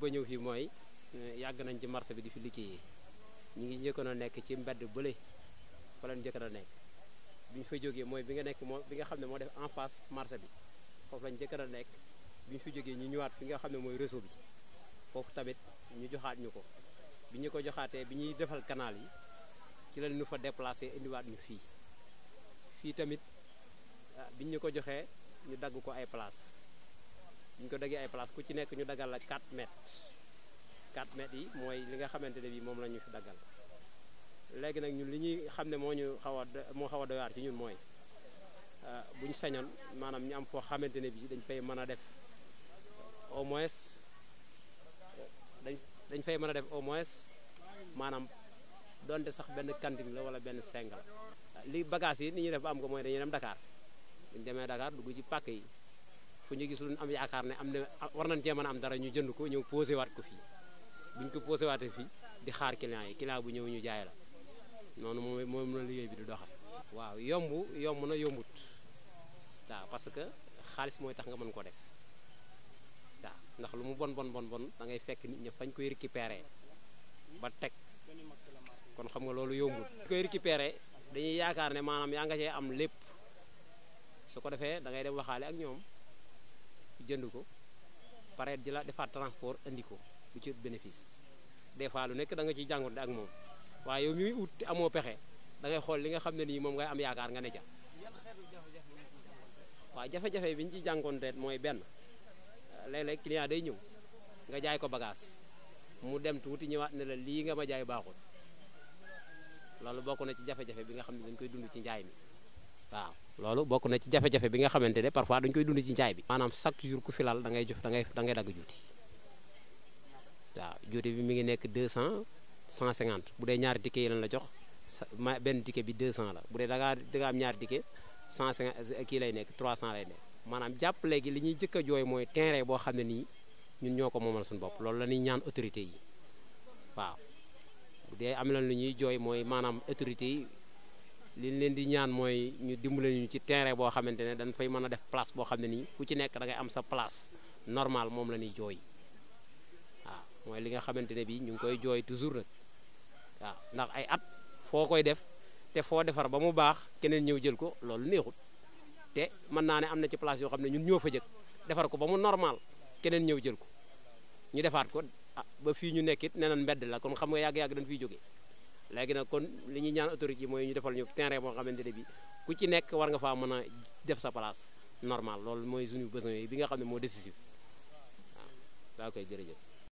ba ñëw fii mooy eh, yàgg nañ ci marché bi di fi liggéeyee ñu ngi njëkkoon a nekk ci mbedd bële fa lañ njëkkoon a nekk bi ñu fa jógee mooy bi nga nekk moo bi nga xam ne moo def en face marché bi foofu lañ njëkkoon a nekk bi ñu jógee ñu ñëwaat fi nga xam ne mooy réseau bi foofu tamit ñu joxaat ñu ko bi ñu ko joxaatee bi ñuy defal kanaal yi ci lañ ñu fa déplacé indiwaat ñu fii fii tamit ah, bi ñu ko joxee ñu dagg ko ay place ñu ko daggee ay place ku ci nekk ñu daggal la 4 mètres 4 mètres yi mooy li nga xamante ne bii moom la ñu fi daggal léegi nag ñun li ñuy xam ne moo ñu xaw a moo xaw a doy waar ci ñun mooy euh, bu ñu sañoon maanaam ñu am foo xamante ne bii dañ fay mën a def au moins dañ dañ fay mën a def au moins maanaam donte sax benn cantine la wala benn seng la. li bagages yi ni ñuy def ba am ko mooy dañuy dem dakaar ñu demee Dakar dugg ci pak yi. fu ñu gis lu am yaakaar ne am na war nañ cee mën am dara ñu jënd ko ñëw posé waat ko fii buñ ko posé waatee fii di xaar client yi client bu ñëw ñu jaay la noonu mooy moom la liggéey bi du doxal. waaw yombu yomb na yombut waaw parce que xaalis mooy tax nga mën ko def waaw ndax lu mu bon bon bon bon da ngay fekk nit ña fañ koy récupérer ba teg kon xam nga loolu yombut. koy récupérer dañuy yaakaar ne maanaam yaa nga cee am lépp su ko defee da ngay dem waxaale ak ñoom. jënd ko pare di la defaat transport indi ko du ci bénéfice des lu nekk da nga ciy jàngoonte ak moom waaye yow mi ut te amoo pexe da xool li nga xam ne nii moom ngay am yaakaar nga ne ca waaw jafe-jafe bi ñu ci mooy benn léeg-léeg day ñëw nga jaay ko bagaas mu dem tuuti ñëwaat ne la lii nga ma jaay baaxul loolu bokk na ci jafe-jafe bi nga xam ne dañ koy dund ci njaay mi waaw loolu bokk na ci jafe-jafe bi nga xamante ne parfois dañ koy dund ci njaay bi maanaam chaque jour ku fi lal dagg juuti juuti bi mu ngi nekk 200 150 bu dee ñaari ticket yi lañ la jox ma benn ticket bi 200 la bu dee da ngaa da ngaa am ñaari ticket 150 kii lay nekk 300 lay nekk maanaam jàpp léegi li ñuy jëkk jooy mooy terrain boo xam ne nii ñun ñoo ko moom moomal suñ bopp loolu la ñuy ñaan autorité yi waaw bu dee am na lu ñuy jooy mooy maanaam autorité yi li leen di ñaan mooy ñu dimbale ñu ci terrain boo xamante ne dañ fay mën a def place boo xam ne nii ku ci nekk da ngay am sa place normal moom la ñuy jooy waaw mooy li nga xamante ne bii ñu ngi koy jooy toujours nag waaw ndax ay at foo koy def te foo defar ba mu baax keneen ñëw jël ko loolu neexut te mën naa ne am na ci place yoo xam ne ñun ñoo fa jëkk defar ko ba mu normal keneen ñëw jël ko ñu defaat ko ah ba fii ñu nekkit neneen mbedd la kon xam nga yàgg-yàgg dañ fiy jógee léegi nag kon li ñuy ñaan autorité yi mooy ñu defal ñu terrain boo xamante ne bi ku ci nekk war nga faa mën a def sa place normal loolu mooy suñu besoin yi bi nga xam ne moo décisif waaw daa koy jërëjëf